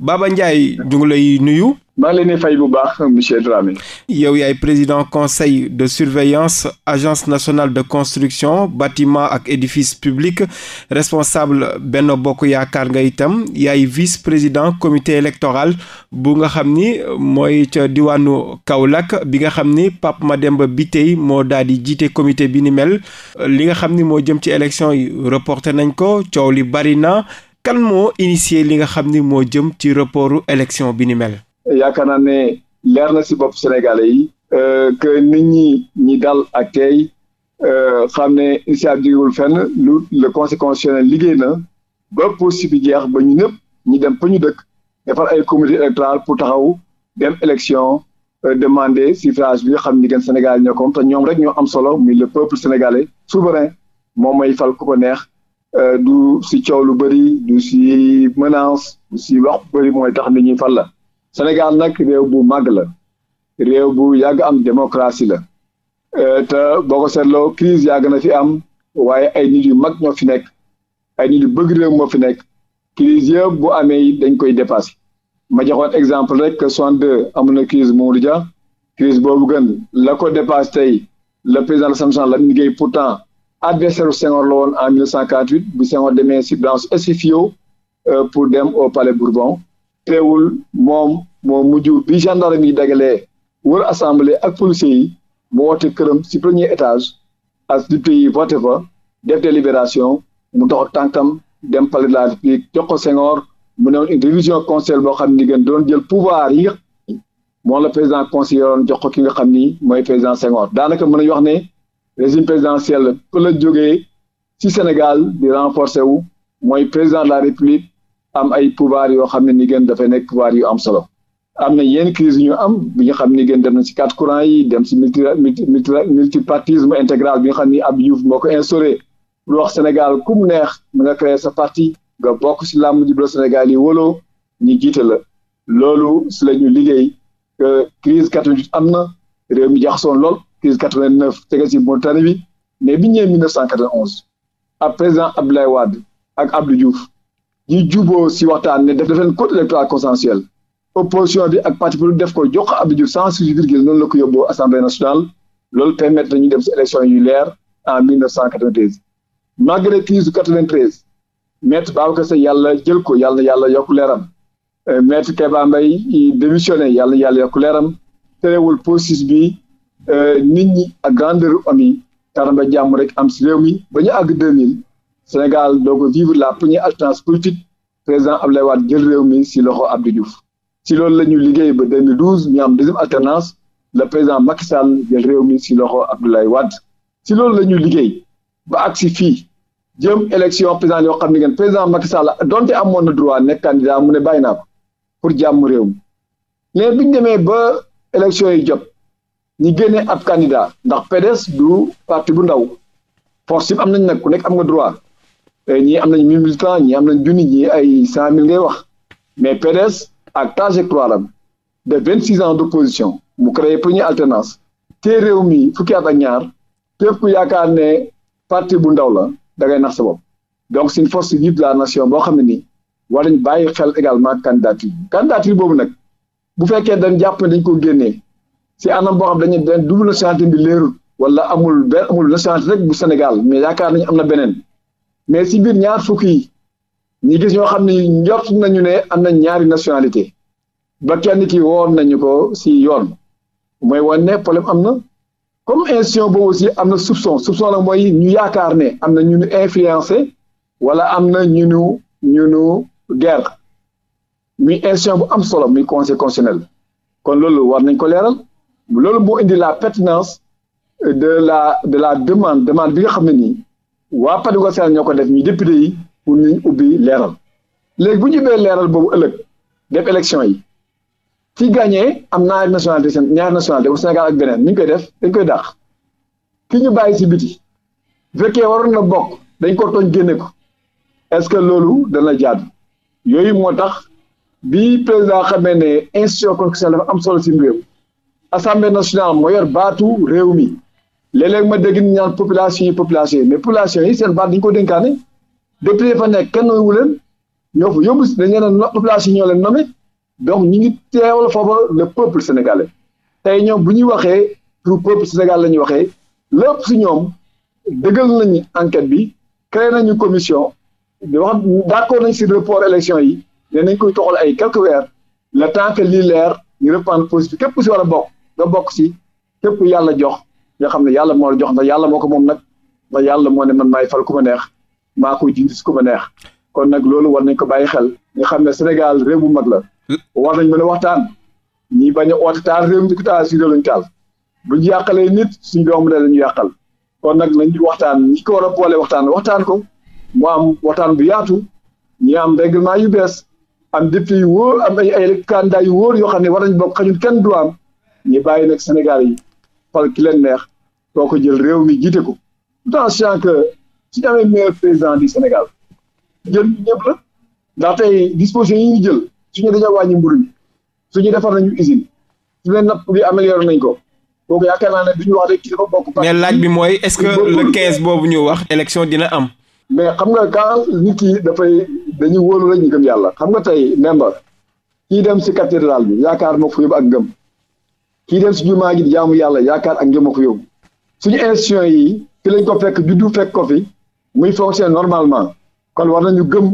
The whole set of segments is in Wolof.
Baba Ndiaye ñu ngi nuyu. maa ngi leen di baax monsieur Dramé. yow yaay président conseil de surveillance agence nationale de construction bâtiment ak édifice public responsable benn Bokk Yaakaar nga itam yaay vice président comité électoral bu nga xam ni mooy ca diwaanu Kaolack bi nga xam ni ma Pape bi tey moo daal di jiite comité bi ni mel li nga xam ni moo jëm ci élection yi reporté nañ ko coow li bari na. kan moo initié li nga xam ni moo jëm ci rapportu élection bi ni mel. yaakaar naa ne leer na si bopp Sénégalais yi. Euh, que nit ñi ñi dal ak tey euh, xam ne initiative jigéwul fenn lu le conseil constitutionnel liggéey na ba processus bi jeex ba ñu ñëpp ñu dem fa ñu dëkk defar ay comité électoral pour taxaw dem élection euh, demander suffrage bi xam ni gën Sénégal ñoo ko te ñoom rek ñoo am solo muy le peuple sénégalais souverain moom may fal ku ko neex Euh, du si coow lu bëri du si menace du si wax bëri mooy tax nit fal la Sénégal nag réew bu màgg la réew bu yàgg am démocratie la euh, te boo ko seetloo crise yàgg na fi am waaye ay nit yu mag ñoo fi nekk ay nit yu bëgg réew moo fi nekk crise yëpp bu amee dañ koy dépassé ma joxoon exemple rek que de amoon na crise Mamadou Dia crise boobu gën la ko dépassé tey le président de la Samson Lamine Gueye pourtant adversaire u Senghor la woon en 1948 bu Senghor demee suppléance SFIO euh, pour dem au palais Bourbon teewul moom moo mujj bi gendarme yi dagalee wër assemblée ak policiers yi mu woote këram si premier étage a député yi voté fa def délibération mu dox tànkam dem palais de la République jox ko Senghor mu ne woon une révision conseil boo xam ni gën doon jël pouvoir yi moom la président conseiller woon jox ko ki nga xam ni mooy président Senghor daanaka mën nañu wax ne. régime présidentiel fa la jógee ci Sénégal di renforcer wu mooy président de la République am ay pouvoir yoo xam ne ni gën dafay nekk pouvoir yu am solo am na yenn crise yu ñu am bi ñu xam ni gën dem na ci quatre courants yi dem ci multi multipartisme intégral bi nga xam ni ab Diouf moo ko instauré lu wax Sénégal ku mu neex mën nga créer sa parti nga bokk si làmb ji bu la Sénégal yi woloo ñu jiite la loolu ci la ñu liggéey que crise 88 am na réew mi jaxasoon lool crise 89 tege ci Mauritanie bi mais bi ñëwee 1991 ak président Abdoulaye Wade ak Abdou Diouf ñu juboo si waxtaan ne def def leen code électoral consensuel opposition bi ak parti politique def ko jox Abdou Diouf sans suivi virgule noonu la ko yóbboo assemblée nationale loolu permettre nañu dem si élection yu leer en 1993 malgré crise 93 maître Babacar Seye yàlla jël ko yalla na yàlla yokk leeram euh, maître Keba Mbaye démissionné yàlla na yàlla yokk leeram Euh, nit ñi ak grandeur am yi taramba jàmm rek am si réew mi ba ñu àgg 2000 Sénégal doo ko vivre la première alternance politique président Abdoulaye Wade jël réew mi si loxo Abdou Diouf si loolu la ñu liggéey ba 2012 ñu am deuxième alternance le président Macky Sall jël réew mi si loxo Abdoulaye Wade si loolu la ñu liggéey ba àgg si fii jëm élection président yoo xam ne ngeen président Macky Sall donte amoon na droit nekk candidat mu ne bàyyi naa ko pour jàmm réew mi mais ba élection yi jot ñi génnee ab candidat ndax PDS du parti bu ndaw force bi am nañ nag ku nekk am nga droit eh, ñii am nañ mille ñii am nañ junni ñii ay cent mille ngay wax mais PDS ak trajectoire am de vingt six ans d'opposition mu créé première alternance te réew mi fukki at ak ñaar képp ku yaakaar ne parti bu ndaw la da ngay nax sa bopp donc c'est une force vive de la nation boo xam ne nii war nañ bàyyi xel également candidature candidature boobu nag bu fekkee dañ jàpp ne dañ ko génnee si anam boo xam dañuy dañ double nationalité bi leerul wala amul benn amul nationalité rek bu Sénégal mais yaakaar nañu am na beneen mais si biir ñaar fukk yi ñi gis ñoo xam ni njort nañu ne am na ñaari nationalité ba kenn ki woon nañu ko si yoon mooy wane ne problème am na comme institution boobu aussi am na soupçon soupçon la mooy ñu yaakaar ne am na ñu nu influencé wala am na ñu nu ñu nu guerre muy institution bu am solo muy conseil constitutionnel kon loolu war nañ ko leeral loolu moo indi la pertinence de la de la demande demande bi nga xam ne nii waa Padogo Sénégal ñoo ko def ñu député yi pour ñu ubbi leeral léegi bu ñu ubbee leeral boobu ëllëg def élection yi ci gagné am ñaari nationalité ñaari nationalité bu Sénégal ak beneen ni ñu koy def dañ koy dax ki ñu bàyyi si biti bu fekkee waroon na bokk dañ ko tooñ génne ko est-ce que loolu dana jaadu yooyu moo tax bi président xamee ne institution constitutionnelle dafa am solo si réew assemblée nationale moo yor baatu réew mi léeg-léeg ma dégg ñu ñaan population yi population yi mais population yi seen baat dañu ko dénkaane député fa nekk kenn wu leen ñoo fa yóbbu dañu leen population ñoo leen nommé donc ñu ngi teewal foofa le peuple sénégalais tey ñoom bu ñuy waxee pour peuple sénégal la ñuy waxee lépp si ñoom dëggal nañu enquête bi créé nañu commission di wax d'accord nañ si report élection yi ne nañ koy toxal ay quelques weer le temps que leer ñu reprendre positif képp si war a nga bokk si képp yàlla jox nga xam ne yàlla moo la jox ndax yàlla moo ko moom nag ndax yàlla moo ne man maay fal ku ma neex maa koy jiitu si ko ma neex kon nag loolu war nañ ko bàyyi xel nga xam ne Sénégal réew bu mag la war nañ mën a waxtaan ñi bañ a oote taal réew ko taal si réew lañ taal bu ñu yàqalee nit suñu doom ne lañu yàqal kon nag nañ waxtaan ñi ko war a boole waxtaan waxtaan ko mu am waxtaan bu yaatu ñi am règlement yu bees am député yu wóor am ay ay candidat yu woor yoo xam ne war nañ bokk xañun kenn du am ñu bàyyi nag Sénégal yi fal ki leen neex soo ko jël réew mi jiite ko tout en sachant que su ñu amee meilleur président du Sénégal jël ñëpp ndax tey dispositions yi ñu jël suñu dañoo wàññi mburu suñu defar nañu usine su leen napp bi amélioré nañ ko kooku yaakaar naa ne duñu wax rek ki dafa bokk. mais laaj bi mooy est-ce que le 15 boobu ñu wax élection dina am. mais xam nga quand nit ki dafay dañu wóolu rek ñu gëm yàlla xam nga tey membre kii dem si cathédrale bi yaakaar moo ko yóbbu ak ngëm kii dem si jumaa gi jaamu yàlla yaakaar ak ngëm ko yóbbu suñu institution yi fi lañ ko fekk juddu fekk ko fi muy fonctionner normalement kon war nañu gëm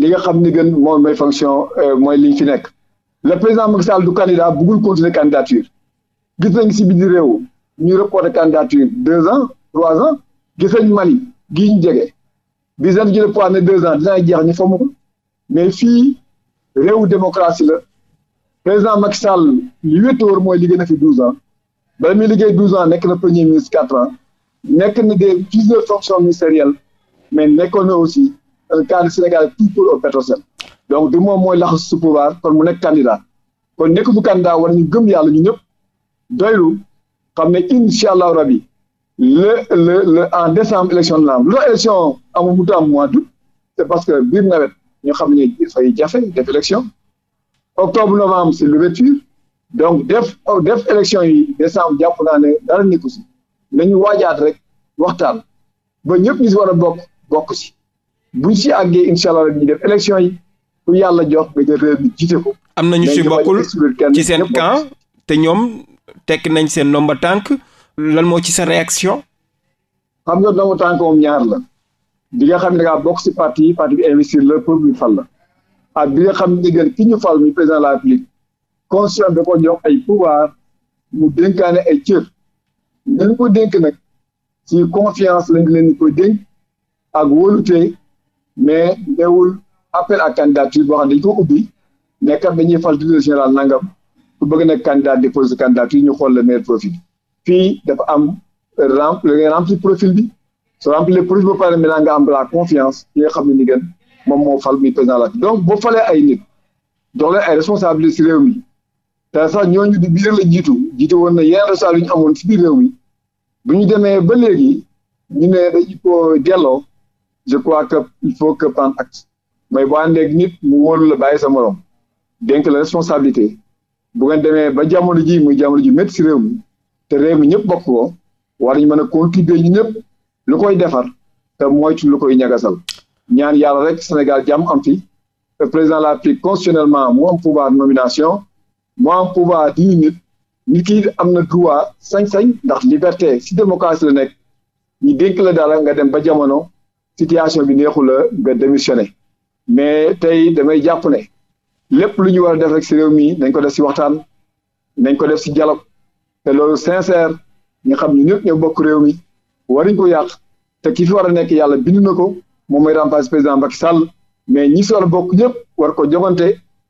li nga xam ni gën moom mooy fonction euh, mooy liñ fi nekk le président Macky Sall du candidat bëggul continuer candidature gis nañ si bi biir réew ñu reporté candidature deux ans trois ans gis nañ Mali gii ñu jege bi jël poids ne deux ans dinaa jeex ñu fomm ko mais fii réew démocratie la président Macky Sall li wéttoor mooy liggéey na fi douze ans bala muy liggéey douze ans nekk na premier ministre quatre ans nekk na des plusieurs fonctions ministérielles mais nekkoon na aussi un euh, cadre sénégalais tout pour au Petrosen donc du moom mooy laxas su pouvoir kon mu nekk candidat kon nekk bu candidat war nañu gëm yàlla ñu ñëpp doylu xam ne incha allah rabi le le en décembre élection la am lu élection amul mu am mois du c'est parce que biir nawet ñu xam ne dafay jafe def octobre novembre c'est l'ouverture donc def def élection yi décembre jàpp naa ne dara nekku si nañu waajaat rek waxtaan ba ñëpp ñu si war a bokk bokk si buñ si aggee incha allah rek ñu def élection yi ku yàlla jox nga jël réew mi ko. am na ñu si bokkul ci seen camp te ñoom tekk nañ seen nomba tànk lan moo ci sa réaction. xam nga nomba tànk moom ñaar la. di nga xam ne da ngaa bokk si parti parti bi investir la pour ñu fal la. ak bi nga xam ndigal ki ñu fal ñu président la République constitution da ko jox ay pouvoir mu dénkaane ay cër ñu ko dénk nag ci confiance lañ leen ko dénk ak wóolute mais newul appel à candidature boo xam ne dañu ko ubbi mais kat dañuy fal directeur général nangam ku bëgg nag candidat déposer candidature ñu xool le maire profil fii dafa am rem remplir profil bi soo remplir profil ba pare maintenant nga am la confiance yi nga xam ne ni gën moom moo fal muy président la donc boo falee ay nit jox ay responsabilité si réew mi te sax ñooñu di biir la jiitu jiitu woon na yeneen responsable yu si biir réew bu ñu demee ba léegi ñu ne dañu ko delloo je crois que il faut que prendre acte mais boo àndee nit mu wóolu la bàyyi sa morom dénk la responsabilité bu ngeen demee ba jamono ji muy jamono ji métti si réew mi te réew mi ñëpp bokk ko war nañu mën a contribuer ñu ñëpp lu koy defar te moytu lu koy ñagasal ñaan yàlla rek Sénégal jàmm am fi le président la République constitutionnellement moo am pouvoir nomination mu am pouvoir di nit nit am na droit sañ-sañ ndax liberté si démocratie la nekk ñu dénk la dara nga dem ba jamono situation bi neexu la nga démissionné mais tey damay jàpp ne lépp lu ñu war a def rek si réew mi nañ ko def si waxtaan nañ ko def si dialogue te loolu sincère ñu xam ñu ñëpp ñoo bokk réew mi waruñ ko yàq te ki fi war a nekk yàlla bind na ko moom mooy remplacer président Macky Sall mais ñi soor bokk ñëpp war ko jogante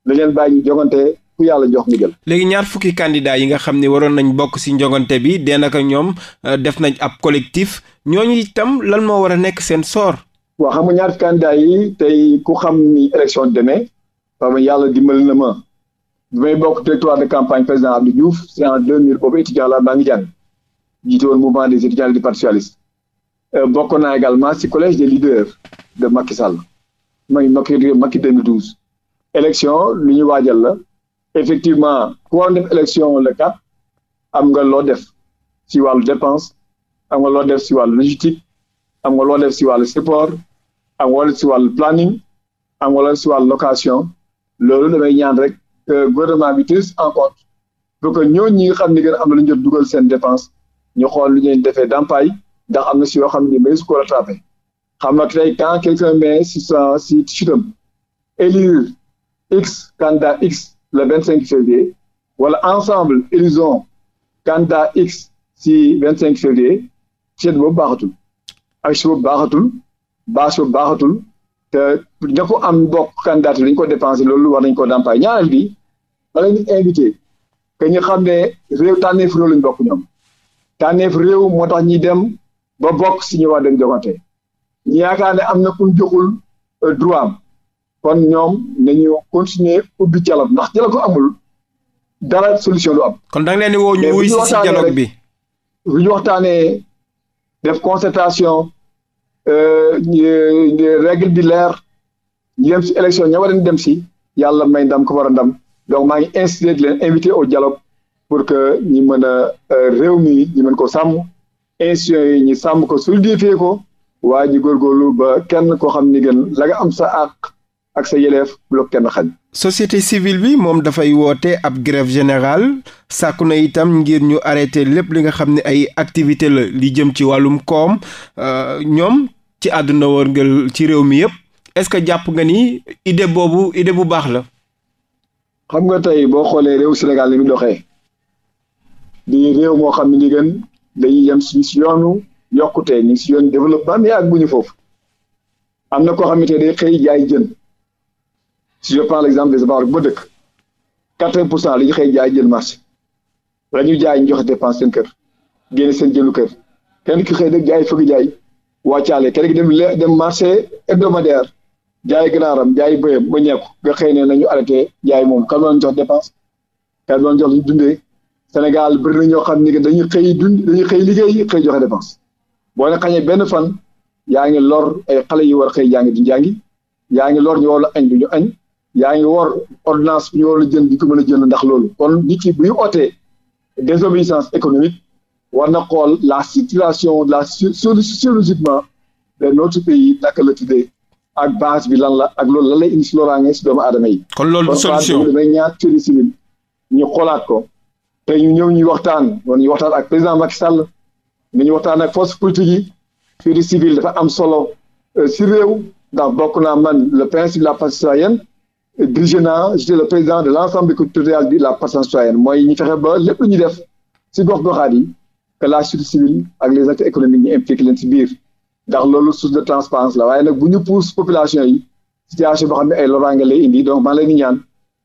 dañ leen bàyyi ñu jogante yàlla jox ñu jël. léegi ñaar fukki candidat yi nga xam ne waroon nañ bokk ci jogante bi denaka ñoom euh, def nañ ab collectif ñooñu itam lan moo war a nekk seen soor. waa xam nga ñaar candidat yi tey ku xam ni élection demee parce que yàlla dimbali na ma bi may bokk directoire de campagne président Abdou Diouf c'est en 2000 boobu étudiant la maa ngi jàng jiite woon mouvement des étudiants du parti Euh, bokk na également ci collège des leaders de Macky Sall mooy Macky Macky 2012. élection lu ñu waajal la effectivement ku waroon def élection le 4 am nga loo def ci wàllu dépense am nga loo def ci wàllu logistique am nga loo def ci wàllu support am nga loo def ci wàllu planning am nga loo def ci wàllu location loolu damay ñaan rek que gouvernement bi tenir en compte pour que ñi nga xam ni gën am na lu ñu jot dugal seen dépense ñu xool lu ñuy defee dàmpaay ndax am na si yoo xam ne mais su ko rattrapé xam na tey quand quelqu'un met si sa si sitam élire x candidat le vingt cinq février wala ensemble élisons candidat x si vingt cinq février seet boobu baaxatul ak si boobu baaxatul bâche boobu baaxatul te ña ko am bokk candidat dañ ko dépensé loolu war nañ ko dàmpaay ñaareel bi da lañu invité que ñu xam ne réew tànneef réew lañ bokk ñoom tànneef réew moo tax ñuy dem ba bokk si ñu war dem jogante ñu yaakaar ne am na ku joxul euh, droit am kon ñoom na nañu continuer ubbi dialogue ndax dialogue amul dara solution du am. kon da nga leen di woo ñu wuy si si dialogue bi bu ñu waxtaanee def concertation euh, règle di leer ñu dem si élection ña war a dem si yàlla may ndam ko war a ndam donc maa ngi incité di leen invité au dialogue pour que ñi mën a euh, réew mi ñu mën ko sàmm. institutions yi ñu sàmm ko suldiifee ko waa ji góorgóorlu ba kenn koo xam ni gën la am sa àq ak sa yeleef loolu kenn xañ société civile bi moom dafay woote ab grève générale sàkku na itam ngir ñu arrêté lépp li nga xam ne ay activité la li jëm ci wàllum koom euh, ñoom ci àdduna wërngal ci réew mi yëpp est-ce que jàpp nga ni idée boobu idée bu baax la xam nga tey boo xoolee réew Sénégal ni mu doxee di réew moo xam ne ni dañuy yem suñu yokkute ñu ngi développement mais foofu am na koo xamante ne day xëy jaay jën si je exemple des Abarouk ba dëkk quatre pour cent la ñu xëy jaay jën marché la ñu jaay ñu joxe dépense seen kër génne seen jëlu kër kenn ki xëy nag jaay fëgg jaay wàccaale kenn ki dem dem marché hebdomadaire jaay ganaaram jaay bëyam ba ñeeku ga xëy ne nañu arrêté jaay moom kan doon jox dépense kan doon jox lu ñu Sénégal bëri na ñoo xam ni que dañuy xëy dund dañuy xëy liggéey xëy joxe dépense boo leen xañee benn fan yaa ngi lor ay xale yi war xëy jàngi du jàngi yaa ngi loor ñu war la añ du ñu añ yaa ngi wor ordonnance bu ñu war la jënd di ko mën a jënd ndax loolu kon nit ki bu ñu ootee désobéissance économique war na xool la situation la sociologiquement de notre pays naka la tuddee ak base bi lan la ak loolu lan lay indi si loraange si doomu aadama yi. kon loolu solution kon ñaar civil ñu xoolaat ko. te ñu ñëw ñuy waxtaan doon ñu waxtaan ak président Macky Sall ñu waxtaan ak force politique yi fii di civil dafa am solo euh, si réew ndax bokk naa man le principe de la partie citoyenne dirigé naa j'étais le président de l' ensemble territorial de la partie citoyenne mooy ñu fexe ba lépp lu ñu def si gox-goxaat yi que la société civile ak les acteurs économiques ñu impliqué leen si biir ndax loolu source de transparence la waaye nag bu ñu population yi situation boo xam ne ay loraange lay indi donc maa leen di ñaan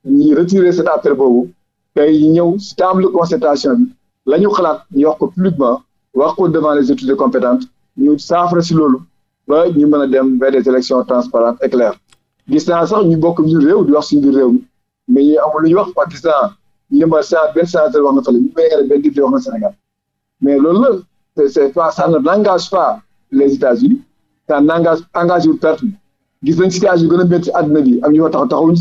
ñuy retirer cet appel boobu tey ñëw si table concertation bi la ñu xalaat ñu wax ko publiquement wax ko devant les autorités compétentes ñu saafara si loolu ba ñu mën a dem vers des élections transparentes et claires gis naa sax ñu bokk ñu réew di wax suñu biir réew mais ñu amul lu ñu wax parce que gis naa yëmbal saa benn sénateur wax na fële ñu béykat benn député na Sénégal mais loolu na c' est c' est pas ça ne engage pas les États-Unis ça n' engage engage wul perte gis nañ situation yu gën a métti àdduna bi am ñu ko taxaw taxawuñ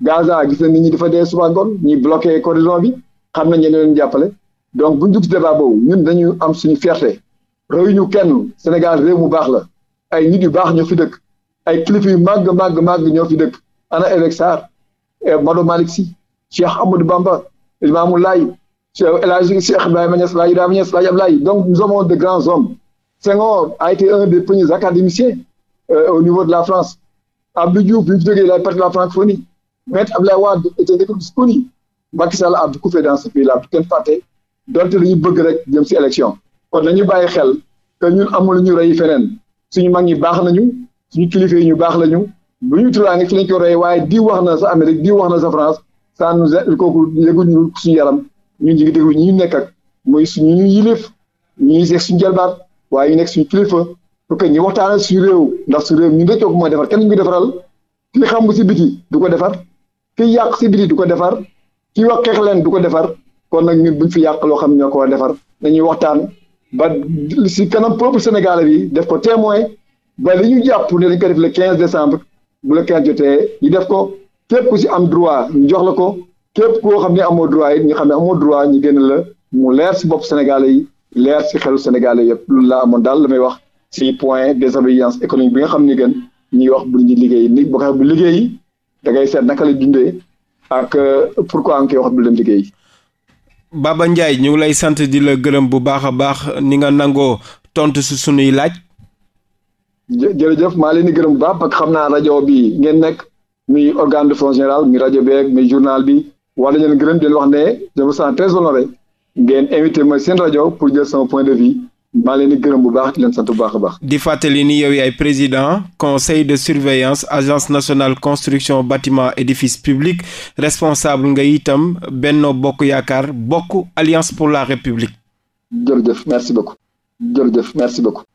Gaza gis na nit ñi dafa dee suba ngoon ñuy bloqué corridor bi xam nañ ñeneen leen jàppale donc bu ñu dugg si débat boobu ñun dañu am suñu fierté réew ñu kenn Sénégal réew baax la ay nit yu baax ñoo fi dëkk ay kilifa yu màgg màgg màgg ñoo fi dëkk ana Évêque Sarr eh, Maodo Malick Sy am Amadou Bamba Limamou Laye El Hadji Cheikh Ibrahima Niass Laye Ibrahima Niass Laye Ablaye donc nous avons de grands hommes Senghor a été un des premiers académiciens euh, au niveau de la France Abdou bi mu jógee la partie de la francophonie Maître am Wade était quelqu'un de a beaucoup fait dans ce pays là donte lu ñu bëgg rek jëm si élection kon nañu bàyyi xel que ñun amul ñu rey feneen suñu mag ñi baax nañu suñu kilifa yi ñu baax lañu bu ñu turaange ci lañ ko waaye di wax na sa Amérique di wax na sa France ça nous a kooku yëguñu yaram ñu ngi déglu ñu nekk mooy suñu ñu yilif ñu ngi suñ suñu jalbaat waaye ñu nekk suñu kilifa pour que ñu waxtaanee suñu réew ndax suñu réew ñun de coow mooy defar kenn ñu defaral ki xam bu si biti du ko defar. ki yàq si biir du ko defar ki wax xeex leen du ko defar kon nag ñun buñ fi yàq loo xam ñoo ko defar na dañuy waxtaan ba si kanam peuple sénégalais bi def ko témoin ba li ñu jàpp ne dañ ko def le quinze décembre bu le 15 jotee ñu def ko képp ku si am droit ñu jox la ko képp koo xam ne amoo droit yi ñu xam ne amoo droit ñu génn la mu leer si bopp sénégalais yi leer si xelu sénégalais yëpp loolu laa amoon daal la may wax si point désobéissance économique bi nga xam ne gën ñuy wax bu ñu liggéey ni boo bu liggéey da ngay seet naka lay dundee ak euh, pourquoi nga koy wax bul dem liggéey. Baba Ndiaye ñu ngi lay sant di la gërëm bu baax a baax ni nga nangoo tont si sunuy laaj. jërëjëf maa leen di gërëm bu baax parce xam naa rajo bi ngeen nekk mi organe de fonction générale muy rajo beeg muy journal bi wala ñu gërëm den wax ne je me sens très ngeen invité ma seen rajo pour jël sama point de vue. maa leen gërëm bu baax di leen sant baax a baax. di fàttali ni yow yaay président conseil de surveillance agence nationale construction bâtiment édifice public responsable nga itam Benno Bokk Yaakaar bokk alliance pour la république. jërëjëf merci beaucoup. jërëjëf merci beaucoup.